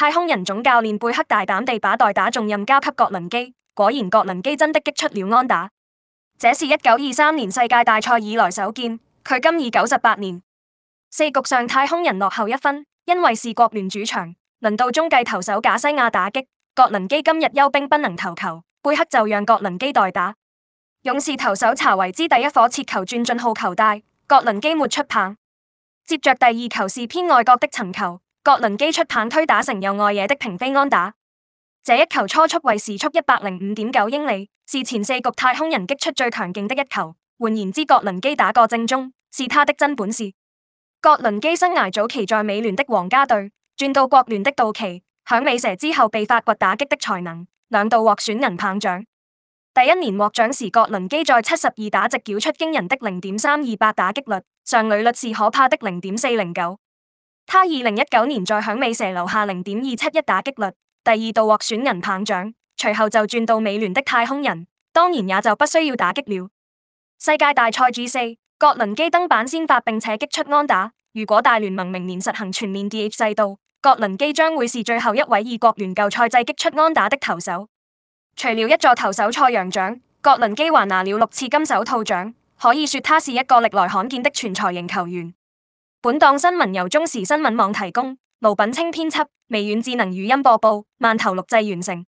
太空人總教練貝克大膽地把代打重任交給葛倫基，果然葛倫基真的擊出了安打，這是一九二三年世界大賽以來首見。距今已九十八年，四局上太空人落後一分，因為是國聯主場，輪到中繼投手賈西亞打擊。葛倫基今日休兵不能投球，貝克就讓葛倫基代打。勇士投手查維茲第一顆切球轉進好球帶，葛倫基沒出棒，接着第二球是偏外角的沉球。葛倫基出棒推打成右外野的平飛安打，這一球初速為時速一百零五點九英里，是前四局太空人擊出最強勁的一球。換言之，葛倫基打個正中是他的真本事。葛倫基生涯早期在美聯的皇家隊，轉到國聯的到期響尾蛇之後，被發掘打擊的才能，兩度獲選人棒獎。第一年獲獎時，葛倫基在七十二打席，繳出驚人的零點三二八打擊率，上壘率是可怕的零點四零九。他二零一九年在響尾蛇留下零點二七一打擊率，第二度獲選銀棒獎，隨後就轉到美聯的太空人，當然也就不需要打擊了。世界大賽 G 四，葛倫基登板先發並且擊出安打。如果大聯盟明年實行全面 DH 制度，葛倫基將會是最後一位以國聯舊賽制擊出安打的投手。除了一座投手賽揚獎，葛倫基還拿了六次金手套獎，可以說他是一個歷來罕見的全才型球員。本檔新聞由中時新聞網提供，盧品清編輯，微軟智能語音播報，萬頭錄製完成。